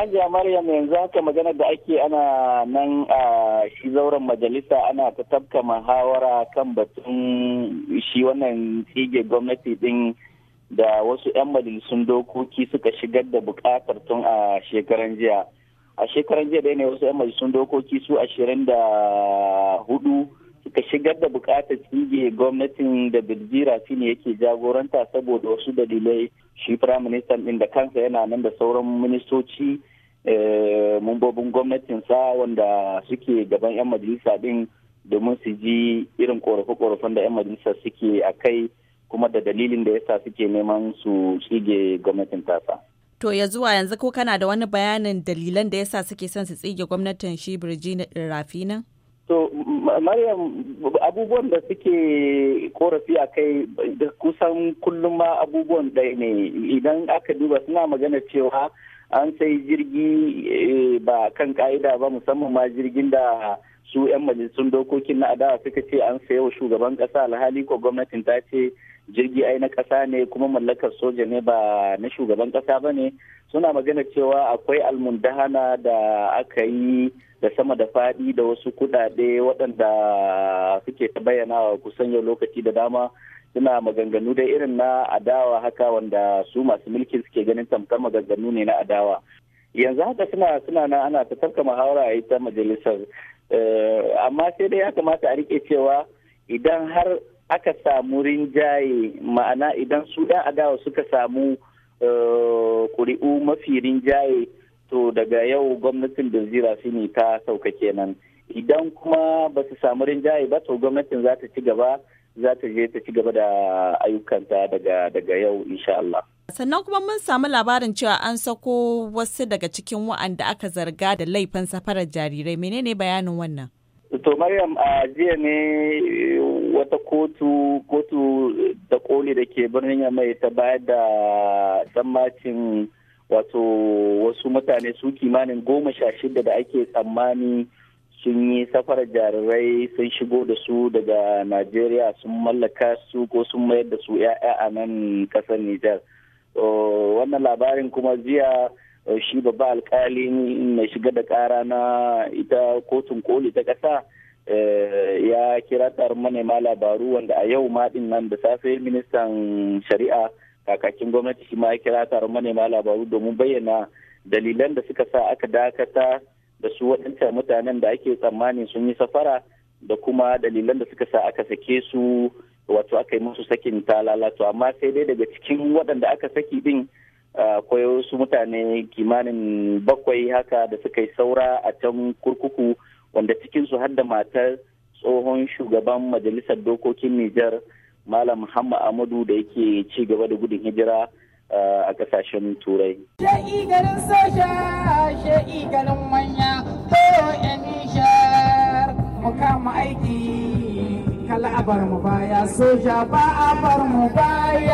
hajiya maryam yanzu haka magana da ake ana nan a shi zauren majalisa ana ta tabka muhawara kan batun shi wannan tsige gwamnati din da wasu 'yan majalisun dokoki suka shigar da bukatar tun a shekaran jiya a shekaran jiya dai ne wasu 'yan majalisun dokoki su ashirin da hudu ka shigar da bukatar tsige gwamnatin da birjira ne yake jagoranta saboda wasu dalilai shi firaministan din da kansa yana nan da sauran ministoci eh, mumbobin gwamnatinsa wanda suke gaban 'yan majalisa din domin su ji irin korafe-korafen da 'yan majalisa suke a kai kuma da dalilin da yasa suke neman su tsige gwamnatin tasa. To ya zuwa yanzu ko kana da wani bayanin dalilan da yasa suke son su tsige gwamnatin shi Birjina Rafi nan? so maryam abubuwan da suke korafi a kai da kusan kullum ma abubuwan ɗaya ne idan aka duba suna magana cewa an sai jirgi eh, ba kan ka'ida ba musamman ma jirgin da su 'yan majalisun dokokin na adawa suka ce an sayo shugaban kasa alhali ko gwamnatin ta ce jirgi ai na kasa ne kuma mallakar soja ne ba na shugaban kasa ba ne suna magana cewa akwai almundahana da aka yi da sama da fadi da wasu kudade waɗanda suke ta bayyana kusan yau lokaci da dama suna maganganu da irin na adawa haka wanda su masu mulki suke ganin tamkar maganganu ne na adawa yanzu haka suna suna na ana ta tarka muhawara a ita majalisar Eh, amma sai dai ya kamata a rike cewa idan har aka samu rinjaye ma'ana idan su ɗan adawa suka samu eh, ƙuri'u mafi rinjaye to daga yau gwamnatin su ne ta sauka kenan idan kuma ba su samu rinjaye ba to gwamnatin za ta ci gaba za ta je ta ci gaba da ayyukanta daga yau insha Allah. Sannan kuma mun samu labarin cewa an sako wasu daga cikin wa'anda aka zarga da laifin safarar jarirai. Menene bayanin wannan? To Maryam a jiya ne wata kotu kotu da koli da ke birnin ya mai ta bayar da tsammacin wato wasu mutane su kimanin goma sha shida da ake tsammani sun yi safarar jarirai sun shigo da su daga Najeriya sun mallaka su ko sun mayar da su 'ya'ya a nan kasar Nijar. wannan labarin kuma jiya shi babba alkali mai shiga da kara na ita kotun koli ta ƙasa e, ya kira tsarin manema labaru wanda a yau maɗin nan da safe ministan shari'a kakakin gwamnati shi ma ya kira taron manema labaru domin bayyana dalilan da suka sa aka dakata da su waɗancan mutanen da ake tsammanin sun yi safara da kuma dalilan da suka sa aka sake su wato aka yi musu sakin ta lalato amma sai dai daga cikin waɗanda aka saki din akwai wasu mutane kimanin bakwai haka da suka yi saura a can kurkuku wanda cikinsu har da matar tsohon shugaban majalisar dokokin Nijar Malam Muhammad Amadu da yake ci gaba da gudun hijira a kasashen turai. garin a bar mu baya soja ba a bar mu baya